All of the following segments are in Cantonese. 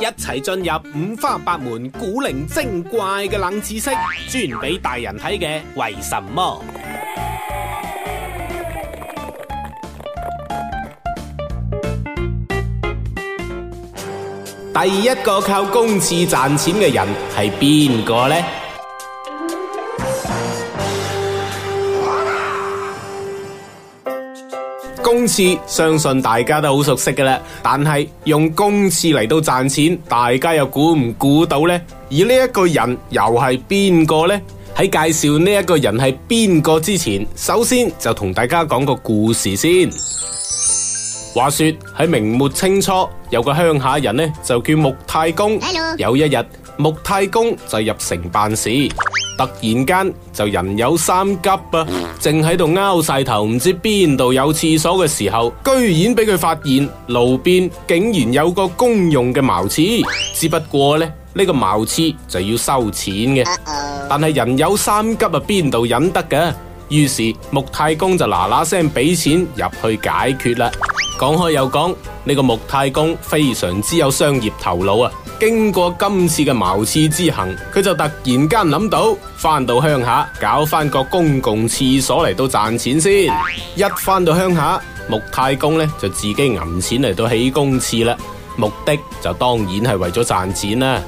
一齊進入五花八門古靈精怪嘅冷知識，專俾大人睇嘅，為什麼？ 第一個靠公廁賺錢嘅人係邊個呢？公廁相信大家都好熟悉噶啦，但係用公廁嚟到賺錢，大家又估唔估到呢？而呢一個人又係邊個呢？喺介紹呢一個人係邊個之前，首先就同大家講個故事先。話說喺明末清初，有個鄉下人呢，就叫穆太公。Hello. 有一日，穆太公就入城辦事。突然間就人有三急啊， 正喺度拗晒頭，唔知邊度有廁所嘅時候，居然俾佢發現路邊竟然有個公用嘅茅廁，只不過咧呢，呢個茅廁就要收錢嘅。 但係人有三急啊，邊度忍得㗎？於是穆太公就嗱嗱聲俾錢入去解決啦。講開又講，呢、這個木太公非常之有商業頭腦啊！經過今次嘅茅廁之行，佢就突然間諗到，返到鄉下搞返個公共廁所嚟到賺錢先。一返到鄉下，木太公呢就自己揞錢嚟到起公廁啦，目的就當然係為咗賺錢啦，啊。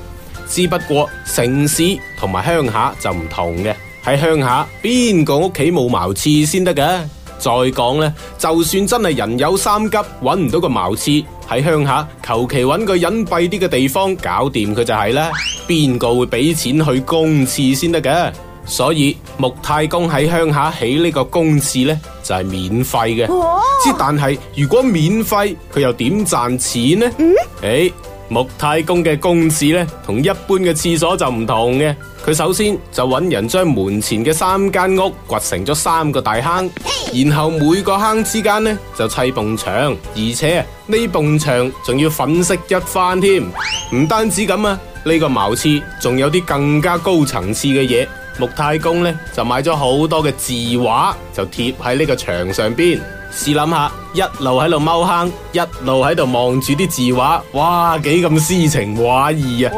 只不過城市同埋鄉下就唔同嘅，喺鄉下邊個屋企冇茅廁先得嘅。再講咧，就算真係人有三急，揾唔到個茅廁喺鄉下，求其揾個隱蔽啲嘅地方搞掂佢就係啦。邊個會俾錢去公廁先得嘅？所以木太公喺鄉下起呢個公廁呢，就係、是、免費嘅。即哇但係，如果免費，佢又點賺錢呢？誒、嗯？欸木太公嘅公廁咧，同一般嘅廁所就唔同嘅。佢首先就揾人將門前嘅三間屋掘成咗三個大坑，嘿然後每個坑之間咧就砌埲牆，而且呢埲牆仲要粉飾一番添。唔單止咁啊，呢、呢個茅廁仲有啲更加高層次嘅嘢。木太公咧就買咗好多嘅字畫，就貼喺呢個牆上面。試諗下，一路喺度踎坑，一路喺度望住啲字畫，哇，幾咁詩情畫意啊！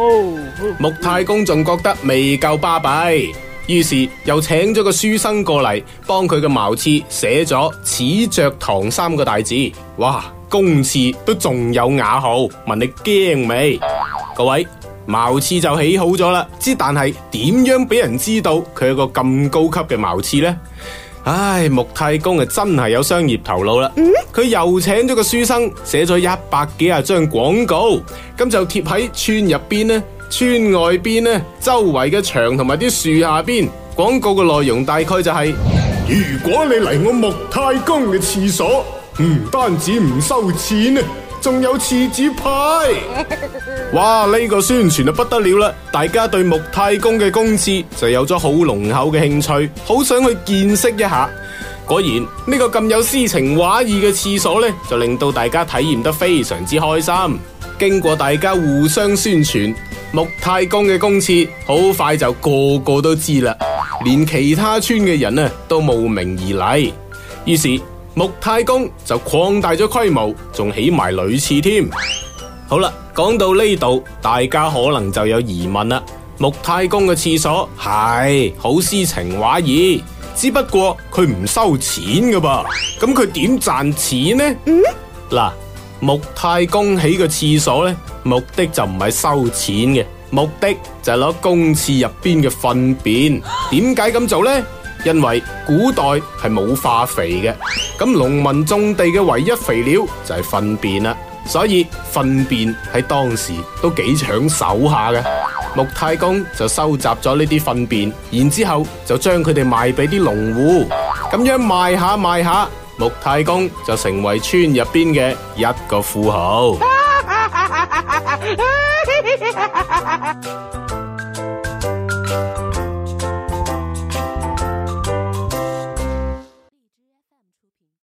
穆太公仲覺得未夠巴閉，於是又請咗個書生過嚟，幫佢嘅茅廁寫咗齒爵堂三個大字。哇，公廁都仲有雅號，問你驚未？各位，茅廁就起好咗啦，之但係點樣俾人知道佢有個咁高級嘅茅廁呢？唉，木太公啊，真係有商業頭腦啦！佢、嗯、又請咗個書生寫咗一百幾十張廣告，咁就貼喺村入邊咧、村外邊咧、周圍嘅牆同埋啲樹下邊。廣告嘅內容大概就係、是：如果你嚟我木太公嘅廁所，唔單止唔收錢啊！仲有廁紙牌。 哇！呢、呢個宣傳就不得了啦，大家對木太公嘅公廁就有咗好濃厚嘅興趣，好想去見識一下。果然呢、呢個咁有詩情畫意嘅廁所呢，就令到大家體驗得非常之開心。經過大家互相宣傳，木太公嘅公廁好快就個個都知啦，連其他村嘅人咧、啊、都慕名而嚟。於是，木太公就擴大咗規模，仲起埋女廁添。好啦，講到呢度，大家可能就有疑問啦。木太公嘅廁所係好詩情畫意，只不過佢唔收錢㗎噃，咁佢點賺錢呢？嗯、嗱，木太公起個廁所咧，目的就唔係收錢嘅，目的就係攞公廁入邊嘅糞便。點解咁做呢？因為古代係冇化肥嘅。咁農民種地嘅唯一肥料就係糞便啦，所以糞便喺當時都幾搶手下嘅。穆太公就收集咗呢啲糞便，然之後就將佢哋賣俾啲農戶，咁樣賣下賣下，穆太公就成為村入邊嘅一個富豪。